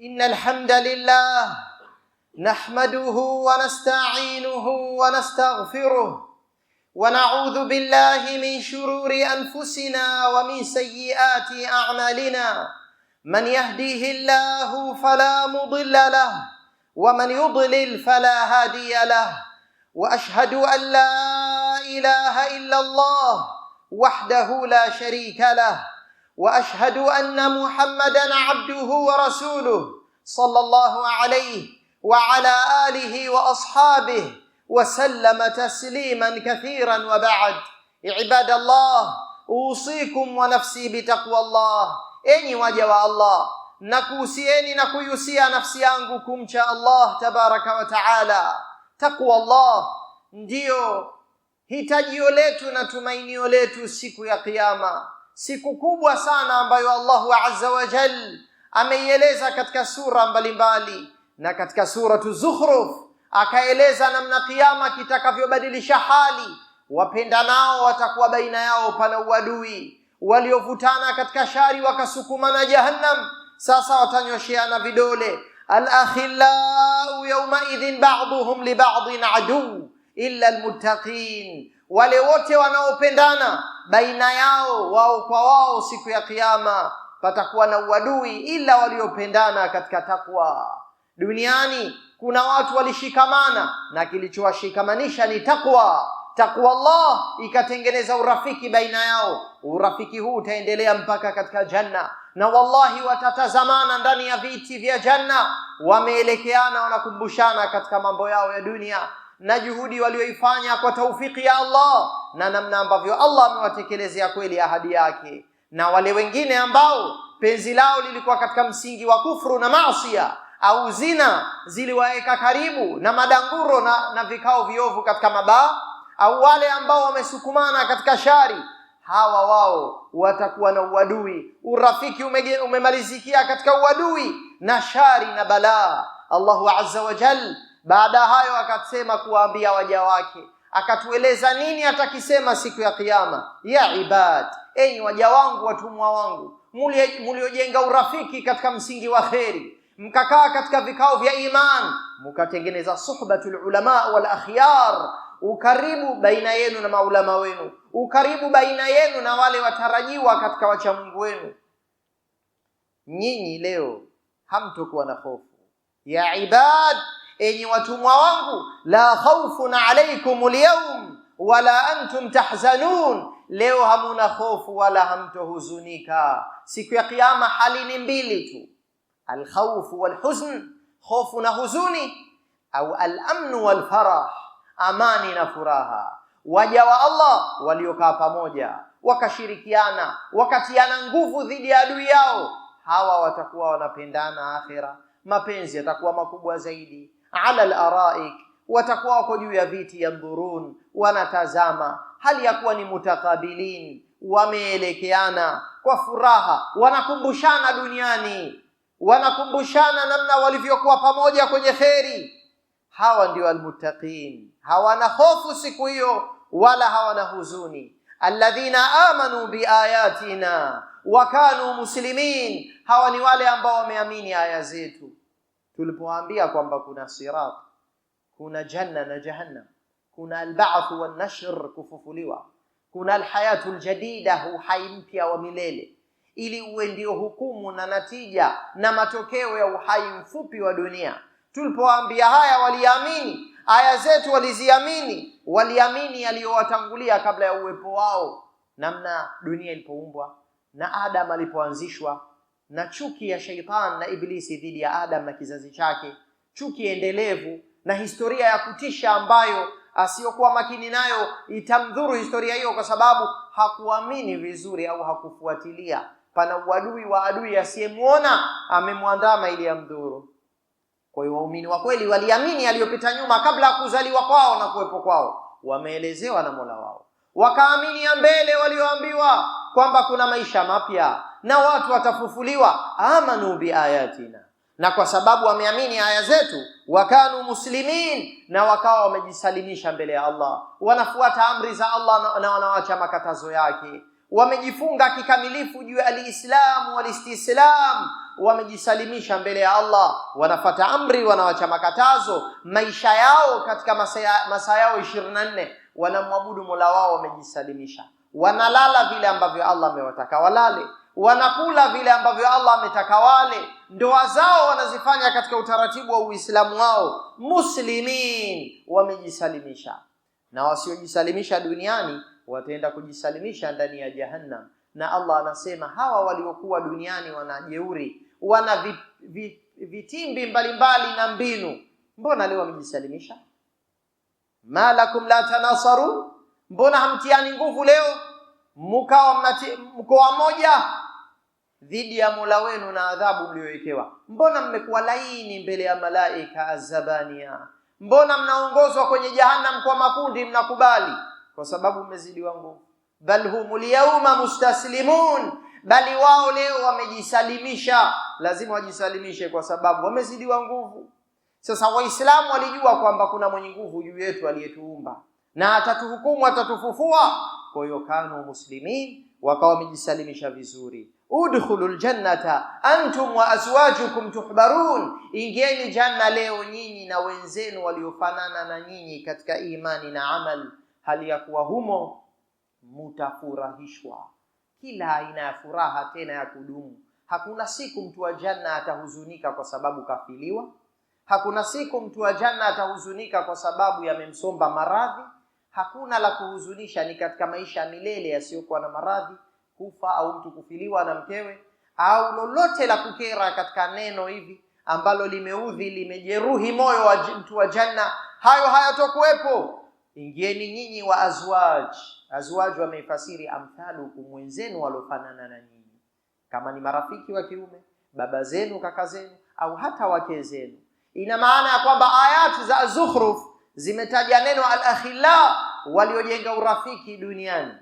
إن الحمد لله نحمده ونستعينه ونستغفره ونعوذ بالله من شرور أنفسنا ومن سيئات أعمالنا من يهديه الله فلا مضل له ومن يضلل فلا هادي له وأشهد أن لا إله إلا الله وحده لا شريك له واشهد ان محمدا عبده ورسوله صلى الله عليه وعلى اله واصحابه وسلم تسليما كثيرا وبعد عباد الله اوصيكم ونفسي بتقوى الله اني وجه الله nakuhusieni na kuihusia nafsi yangu kumcha Allah tabaraka wa taala. Takwa Allah ndiyo hitajio letu na tumainio letu siku ya Kiyama siku kubwa sana ambayo Allahu azza wa jal ameieleza katika sura mbalimbali mbali. na katika suratu Zukhruf akaeleza namna kiama kitakavyobadilisha hali. wapenda nao watakuwa baina yao pana uadui, waliovutana katika shari wakasukumana Jahannam, sasa watanyosheana vidole. Alakhillau yawma idhin ba'dhuhum li ba'dhin adu illa almuttaqin wale wote wanaopendana baina yao wao kwa wao, siku ya Kiyama patakuwa na uadui ila waliopendana katika takwa. Duniani kuna watu walishikamana na kilichowashikamanisha ni takwa. Takwa Allah ikatengeneza urafiki baina yao. Urafiki huu utaendelea mpaka katika janna, na wallahi watatazamana ndani ya viti vya janna, wameelekeana, wanakumbushana katika mambo yao ya dunia na juhudi walioifanya kwa taufiki ya Allah na namna ambavyo Allah amewatekelezea kweli ahadi yake, na wale wengine ambao penzi lao lilikuwa katika msingi wa kufru na maasia au zina, ziliwaeka karibu na madanguro na, na vikao viovu katika mabaa, au wale ambao wamesukumana katika shari, hawa wao watakuwa na uadui. Urafiki umege, umemalizikia katika uadui na shari na balaa. Allahu azza wa jalla baada hayo akasema kuwaambia waja wake, akatueleza nini atakisema siku ya Kiyama. Ya ibad, enyi waja wangu, watumwa wangu, muliojenga urafiki katika msingi wa kheri, mkakaa katika vikao vya iman, mukatengeneza suhbatul ulama wal akhyar, ukaribu baina yenu na maulama wenu, ukaribu baina yenu na wale watarajiwa katika wachamungu wenu. Nyinyi leo hamtokuwa na hofu ya ibad enyi watumwa wangu, la khaufun alaikum alyawm wala antum tahzanun, leo hamuna hofu wala hamtohuzunika. Siku ya Kiyama hali ni mbili tu, alkhaufu walhuzn, hofu na huzuni, au alamnu walfarah, amani na furaha. Waja wa Allah waliokaa pamoja wakashirikiana wakatiana nguvu dhidi ya adui yao, hawa watakuwa wanapendana akhira, mapenzi yatakuwa makubwa zaidi ala laraik, watakuwa wako juu ya viti, yandhurun, wanatazama, hali ya kuwa ni mutakabilin, wameelekeana kwa furaha, wanakumbushana duniani, wanakumbushana namna walivyokuwa pamoja kwenye kheri. Hawa ndio almuttaqin, hawana hofu siku hiyo wala hawana huzuni. Alladhina amanu biayatina wa kanu muslimin, hawa ni wale ambao wameamini aya zetu tulipoambia kwamba kuna sirat kuna janna na jahannam kuna albaathu wanashr kufufuliwa kuna alhayatu ljadida uhai mpya wa milele ili uwe ndio hukumu na natija na matokeo ya uhai mfupi wa dunia Tulipoambia haya waliamini aya zetu waliziamini waliamini aliyowatangulia kabla ya uwepo wao namna dunia ilipoumbwa na adam alipoanzishwa na chuki ya sheitan na Iblisi dhidi ya Adam na kizazi chake, chuki endelevu na historia ya kutisha ambayo asiyokuwa makini nayo itamdhuru historia hiyo, kwa sababu hakuamini vizuri au hakufuatilia. Pana uadui wa adui asiyemwona amemwandama ili amdhuru. Kwa hiyo waumini wa kweli waliamini aliyopita nyuma kabla ya kuzaliwa kwao na kuwepo kwao, wameelezewa na Mola wao, wakaamini ya mbele walioambiwa kwamba kuna maisha mapya na watu watafufuliwa, amanu biayatina, na kwa sababu wameamini aya zetu, wakanu muslimin, na wakawa wamejisalimisha mbele ya Allah, wanafuata amri za Allah na wanawacha makatazo yake, wamejifunga kikamilifu juu ya alislamu walistislam wamejisalimisha mbele ya Allah, wanafata amri, wanawacha makatazo. Maisha yao katika masaa yao ishirini na nne wanamwabudu mola wao, wamejisalimisha, wanalala vile ambavyo Allah amewataka walale wanakula vile ambavyo Allah ametaka wale. Ndoa zao wanazifanya katika utaratibu wa Uislamu wao, muslimin, wamejisalimisha. Na wasiojisalimisha duniani wataenda kujisalimisha ndani ya Jahannam. Na Allah anasema hawa waliokuwa duniani wanajeuri wana vitimbi mbalimbali na mbinu, mbona leo wamejisalimisha? ma lakum la tanasaru, mbona hamtiani nguvu leo mkawa mkoa mmoja dhidi ya Mola wenu na adhabu mliyowekewa. Mbona mmekuwa laini mbele ya malaika azabania? Mbona mnaongozwa kwenye jahannam kwa makundi, mnakubali kwa sababu mmezidiwa nguvu. Bal humu lyauma mustaslimun, bali wao leo wamejisalimisha. Lazima wajisalimishe kwa sababu wamezidiwa nguvu. Sasa Waislamu walijua kwamba kuna mwenye nguvu juu yetu aliyetuumba na atatuhukumu, atatufufua. Kwa hiyo kanu muslimin, wakawa wamejisalimisha vizuri udkhulu ljannata antum wa azwajukum tuhbarun, ingieni janna leo nyinyi na wenzenu waliofanana na nyinyi katika imani na amal, hali ya kuwa humo mutafurahishwa kila aina ya furaha tena ya kudumu. Hakuna siku mtu wa janna atahuzunika kwa sababu kafiliwa. Hakuna siku mtu wa janna atahuzunika kwa sababu yamemsomba maradhi. Hakuna la kuhuzunisha, ni katika maisha milele yasiyokuwa na maradhi kufa au mtu kufiliwa na mkewe au lolote la kukera katika neno hivi ambalo limeudhi limejeruhi moyo wa mtu wa janna, hayo hayatokuwepo. Ingieni nyinyi wa azwaj. Azwaj wameifasiri amthalukum, mwenzenu waliofanana na nyinyi, kama ni marafiki wa kiume, baba zenu, kaka zenu, au hata wake zenu. Ina maana ya kwamba ayati za Zukhruf zimetaja neno al-akhila, waliojenga urafiki duniani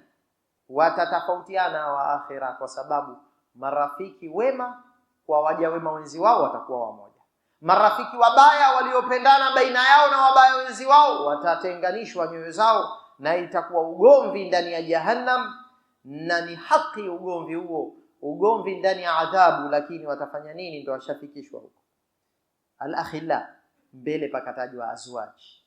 watatafautiana wa akhira, kwa sababu marafiki wema kwa waja wema wenzi wao watakuwa wamoja. Marafiki wabaya waliopendana baina yao na wabaya wenzi wao watatenganishwa nyoyo zao, na itakuwa ugomvi ndani ya Jahannam, na ni haki ugomvi huo, ugomvi ndani ya adhabu. Lakini watafanya nini? Ndo washafikishwa huko. Alakhilla mbele pakatajwa azwaji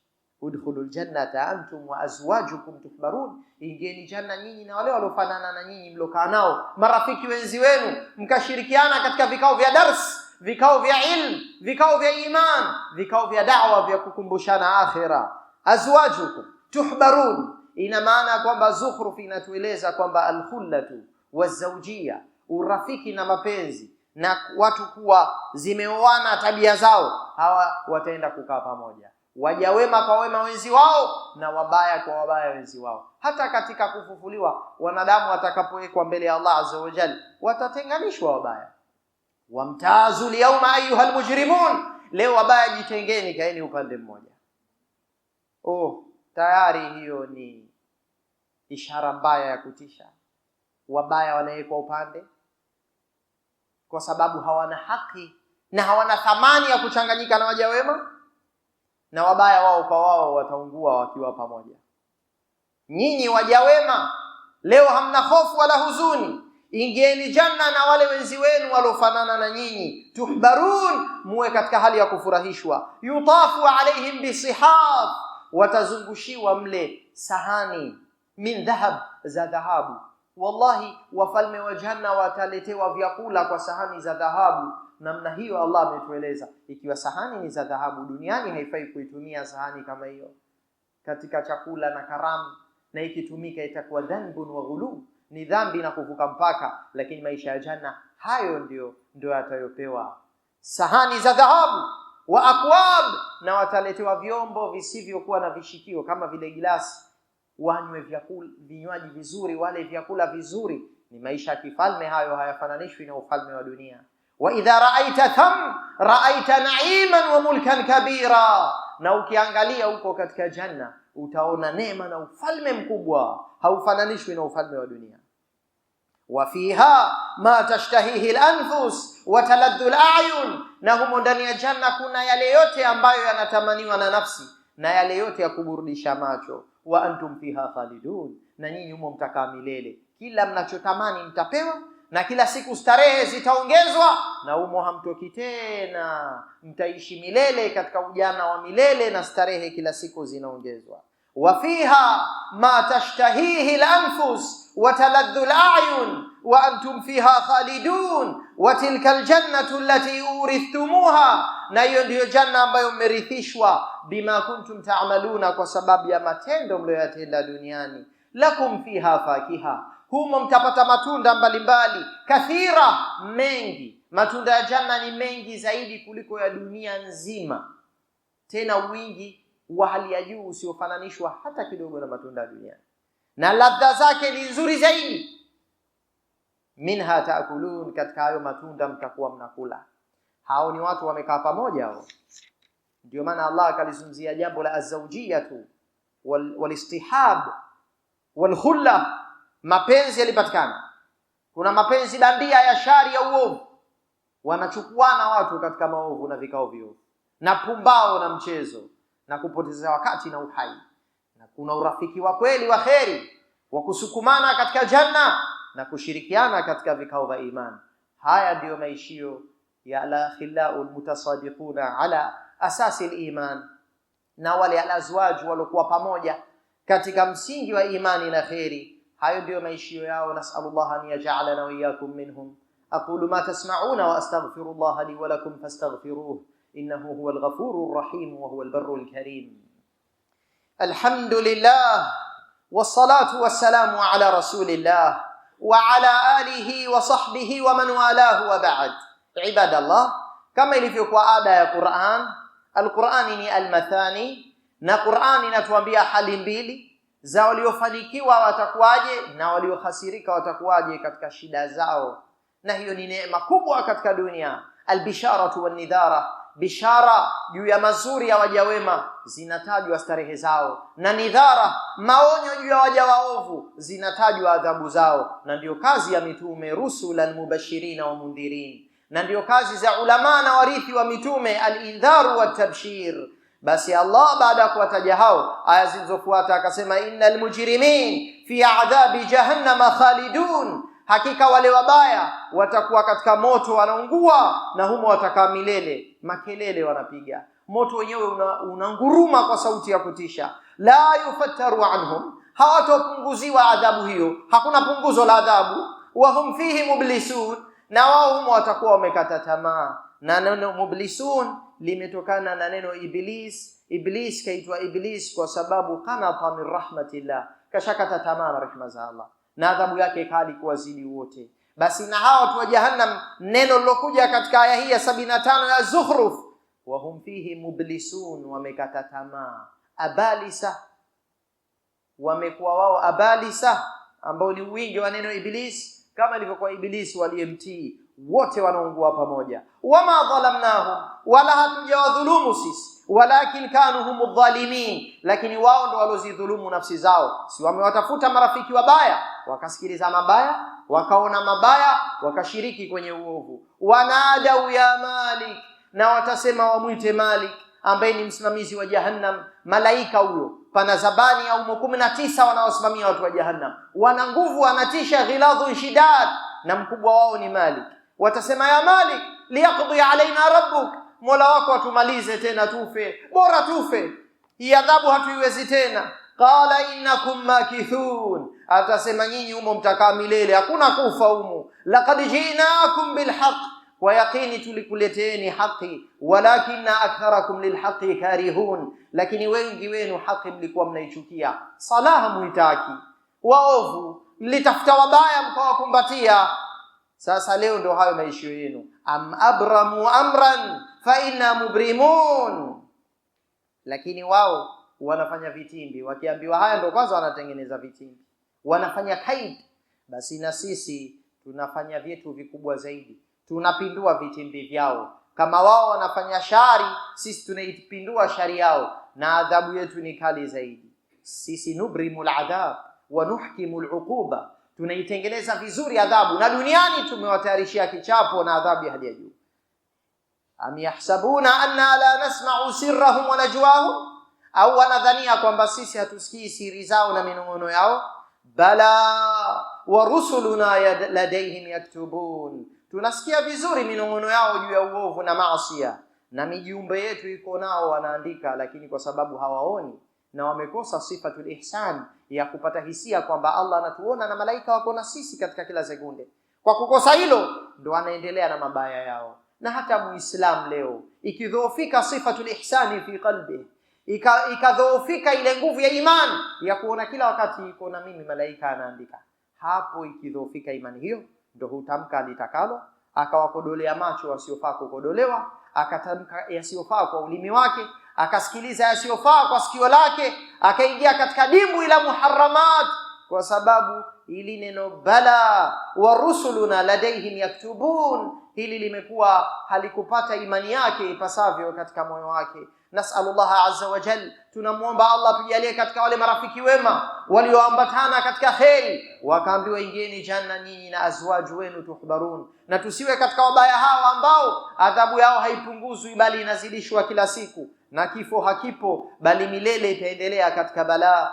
udkhulul jannata antum wa azwajukum tuhbarun, ingieni janna nyinyi na wale waliofanana na nyinyi mlokaa nao, marafiki wenzi wenu, mkashirikiana katika vikao vya dars, vikao vya ilm, vikao vya iman, vikao vya da'wa vya kukumbushana akhira. Azwajukum tuhbarun, ina maana kwamba Zukhruf inatueleza kwamba alkhullatu wazawjia, urafiki na mapenzi na watu kuwa zimeoana tabia zao, hawa wataenda kukaa pamoja waja wema kwa wema wenzi wao na wabaya kwa wabaya wenzi wao. Hata katika kufufuliwa wanadamu watakapowekwa mbele ya Allah azza wa jalla, watatenganishwa wabaya. Wamtazu lyauma ayuha almujrimun, leo wabaya jitengeni, kaeni upande mmoja. Oh, tayari hiyo ni ishara mbaya ya kutisha. Wabaya wanawekwa upande kwa sababu hawana haki na hawana thamani ya kuchanganyika na waja wema na wabaya wao kwa wao wataungua wakiwa pamoja. Nyinyi waja wema, leo hamna hofu wala huzuni, ingieni janna na wale wenzi wenu waliofanana na nyinyi. Tuhbarun, muwe katika hali ya kufurahishwa. Yutafu alaihim bisihaf, watazungushiwa mle sahani min dhahab za dhahabu wallahi wafalme wa janna wataletewa vyakula kwa sahani za dhahabu namna hiyo allah ametueleza ikiwa sahani ni za dhahabu duniani haifai kuitumia sahani kama hiyo katika chakula na karamu na ikitumika itakuwa dhanbun wa ghulub ni dhambi na kuvuka mpaka lakini maisha ya janna hayo ndio ndio atayopewa sahani za dhahabu wa akwab na wataletewa vyombo visivyokuwa na vishikio kama vile gilasi wanywe vyakula vinywaji vizuri, wale vyakula vizuri. Ni maisha ya kifalme hayo, hayafananishwi na ufalme wa dunia. Wa idha raaita tham raaita naiman wa mulkan kabira, na ukiangalia huko katika janna utaona neema na ufalme mkubwa, haufananishwi na ufalme wa dunia. Wa fiha ma tashtahihi lanfus wa taladdu layun, na humo ndani ya janna kuna yale yote ambayo yanatamaniwa na nafsi na yale yote ya kuburudisha macho wa antum fiha khalidun, na nyinyi humo mtakaa milele. Kila mnachotamani mtapewa, na kila siku starehe zitaongezwa, na humo hamtoki tena. Mtaishi milele katika ujana wa milele, na starehe kila siku zinaongezwa. wa fiha ma tashtahihi lanfus wa taladdu layun wa antum fiha khalidun wa tilka aljannatu allati urithtumuha na hiyo ndiyo janna ambayo mmerithishwa, bima kuntum taamaluna, kwa sababu ya matendo mliyoyatenda duniani. Lakum fiha fakiha, humo mtapata matunda mbalimbali, kathira, mengi. Matunda ya janna ni mengi zaidi kuliko ya dunia nzima, tena wingi wa hali ya juu usiofananishwa hata kidogo na matunda ya duniani, na ladha zake ni nzuri zaidi. Minha taakulun, katika hayo matunda mtakuwa mnakula hao ni watu wamekaa pamoja hao ndio maana Allah akalizungumzia jambo la azawjiyatu wal, walistihab walkhulla mapenzi yalipatikana kuna mapenzi bandia ya shari ya uovu wanachukuana watu katika maovu na vikao viovu na pumbao na mchezo na kupoteza wakati na uhai na kuna urafiki wa kweli wa kheri wa kusukumana katika janna na kushirikiana katika vikao vya imani haya ndiyo maishio يا الأخلاء المتصادقون على أساس الإيمان نوالي الأزواج ولقوة بموجة كاتك مسيج وإيمان نخيري هاي ديو ما يشيو ياو نسأل الله أن يجعلنا وإياكم منهم أقول ما تسمعون وأستغفر الله لي ولكم فاستغفروه إنه هو الغفور الرحيم وهو البر الكريم الحمد لله والصلاة والسلام على رسول الله وعلى آله وصحبه ومن والاه وبعد Ibadallah, kama ilivyokuwa ada ya Qur'an, al-Qur'ani ni almathani, na Qur'an inatuambia hali mbili za waliofanikiwa watakuwaje na waliohasirika watakuwaje katika shida zao, na hiyo ni neema kubwa katika dunia. Albisharatu wanidhara, bishara juu ya mazuri ya waja wema zinatajwa starehe zao, na nidhara, maonyo juu ya waja waovu zinatajwa adhabu zao, na ndiyo kazi ya mitume rusulan mubashirina wa mundhirin na ndio kazi za ulama na warithi wa mitume alindharu watabshir. Basi Allah baada ya kuwataja hao, aya zilizofuata akasema, innal mujrimin fi adhabi jahannama khalidun, hakika wale wabaya watakuwa katika moto wanaungua, na humo watakaa milele. Makelele wanapiga moto wenyewe unanguruma una kwa sauti ya kutisha. La yufattaru anhum, hawatopunguziwa adhabu hiyo, hakuna punguzo la adhabu. Wahum fihi mublisun na wao humo watakuwa wamekata tamaa. Na neno mublisun limetokana na neno iblis. Iblis kaitwa iblis kwa sababu kanata min rahmatillah, kashakata tamaa na rehema za Allah, na adhabu yake kali kuwazidi wote. Basi na hawa watu wa Jahannam, neno lilokuja katika aya hii ya sabini na tano ya zuhruf wahum fihi mublisun, wamekata tamaa abalisa, wamekuwa wao abalisa, ambao ni wingi wa neno iblis kama ilivyokuwa Ibilisi waliyemtii wote wanaungua pamoja. Wama dhalamnahum, wala hatujawadhulumu sisi, walakin kanu humu dhalimin, lakini wao ndo walozidhulumu nafsi zao. Si wamewatafuta marafiki wabaya, wakasikiliza mabaya, wakaona mabaya, wakashiriki kwenye uovu. Wanadau ya Malik, na watasema wamwite Malik ambaye ni msimamizi wa Jahannam, malaika huyo pana zabani au kumi na tisa wanaosimamia watu wa Jahannam, wana nguvu, wanatisha ghiladhu shidad, na mkubwa wao ni Malik. Watasema ya Malik, liyaqdi alaina rabbuk, mola wako atumalize tena tufe, bora tufe, hii adhabu hatuiwezi tena. Qala innakum makithun, atasema nyinyi humo mtakaa milele, hakuna kufa umo Laqad jinakum bilhaq kwa yaqini tulikuleteeni haqi walakina aktharakum lilhaqi karihun, lakini wengi wenu haqi mlikuwa mnaichukia. Salaha muitaki waovu mlitafuta wabaya mkawakumbatia. Sasa leo ndo hayo maisho yenu. Am abramu amran fa inna mubrimun, lakini wao wanafanya vitimbi, wakiambiwa haya ndo kwanza wanatengeneza vitimbi, wanafanya kaid Basi na sisi tunafanya vyetu vikubwa zaidi tunapindua vitimbi vyao. Kama wao wanafanya shari, sisi tunaipindua shari yao, na adhabu yetu ni kali zaidi. Sisi nubrimu ladhab wa nuhkimu luquba, tunaitengeneza vizuri adhabu, na duniani tumewatayarishia kichapo na adhabu ya hali ya juu. Am yahsabuna anna la nasma'u sirrahum wa najwahum, au wanadhania kwamba sisi hatusikii siri zao na minong'ono yao. Bala wa rusuluna ladayhim yaktubun tunasikia vizuri minong'ono yao juu ya uovu na maasia, na mijumbe yetu iko nao wanaandika, lakini kwa sababu hawaoni na wamekosa sifatul ihsan ya kupata hisia kwamba Allah anatuona na malaika wako na sisi katika kila sekunde. Kwa kukosa hilo, ndo anaendelea na mabaya yao. Na hata muislam leo ikidhoofika sifatul ihsani fi qalbi, ikadhoofika ile nguvu ya imani ya kuona kila wakati iko na mimi malaika anaandika, hapo ikidhoofika imani hiyo ndo hutamka litakalo, akawakodolea macho wasiofaa kukodolewa, akatamka yasiyofaa kwa ulimi wake, akasikiliza yasiyofaa kwa sikio lake, akaingia katika dimbwi la muharamat, kwa sababu hili neno bala wa rusuluna ladaihim yaktubun, hili limekuwa halikupata imani yake ipasavyo katika moyo wake. نسأل الله عز وجل تنمون بأ الله في يليك تكالي مرافقي وما واليوم بتانا كتك خير وكان دو إنجيني جنة نيني أزواج وينو تخبرون نتسيو كتك وضايا هاو أنباو أذابو ياو هاي بنغوزو يبالي نزيلي شوى كلاسيكو نكيفو هكيبو بالي مليلي تهدلي كتك بلا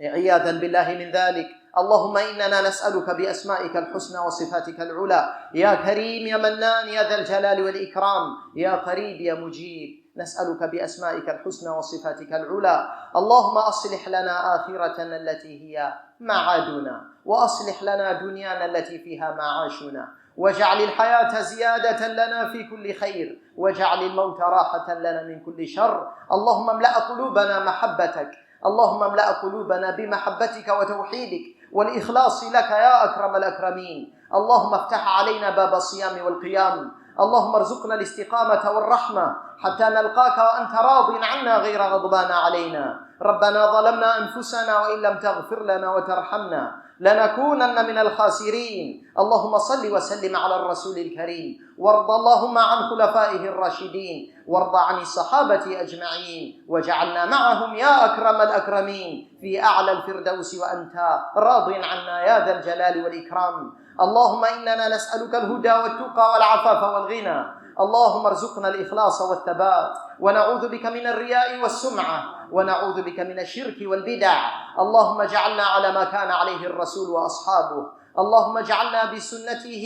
عياذا بالله من ذلك اللهم إننا نسألك بأسمائك الحسنى وصفاتك العلى يا كريم يا منان يا ذا الجلال والإكرام يا قريب يا مجيب نسألك بأسمائك الحسنى وصفاتك العلى اللهم أصلح لنا آخرتنا التي هي معادنا وأصلح لنا دنيانا التي فيها معاشنا واجعل الحياة زيادة لنا في كل خير واجعل الموت راحة لنا من كل شر اللهم املأ قلوبنا محبتك اللهم املأ قلوبنا بمحبتك وتوحيدك والإخلاص لك يا أكرم الأكرمين اللهم افتح علينا باب الصيام والقيام اللهم ارزقنا الاستقامة والرحمة حتى نلقاك وأنت راض عنا غير غضبان علينا ربنا ظلمنا أنفسنا وإن لم تغفر لنا وترحمنا لنكونن من الخاسرين اللهم صل وسلم على الرسول الكريم وارض اللهم عن خلفائه الراشدين وارض عن الصحابة أجمعين وجعلنا معهم يا أكرم الأكرمين في أعلى الفردوس وأنت راض عنا يا ذا الجلال والإكرام اللهم إننا نسألك الهدى والتقى والعفاف والغنى اللهم ارزقنا الإخلاص والثبات ونعوذ بك من الرياء والسمعة ونعوذ بك من الشرك والبدع اللهم اجعلنا على ما كان عليه الرسول وأصحابه اللهم اجعلنا بسنته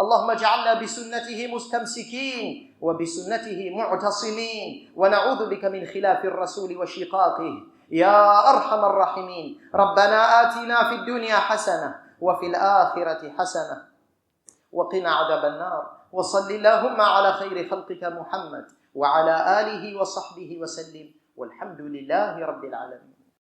اللهم اجعلنا بسنته مستمسكين وبسنته معتصمين ونعوذ بك من خلاف الرسول وشقاقه يا ارحم الراحمين ربنا اتنا في الدنيا حسنه وفي الآخرة حسنة وقنا عذاب النار وصل اللهم على خير خلقك محمد وعلى آله وصحبه وسلم والحمد لله رب العالمين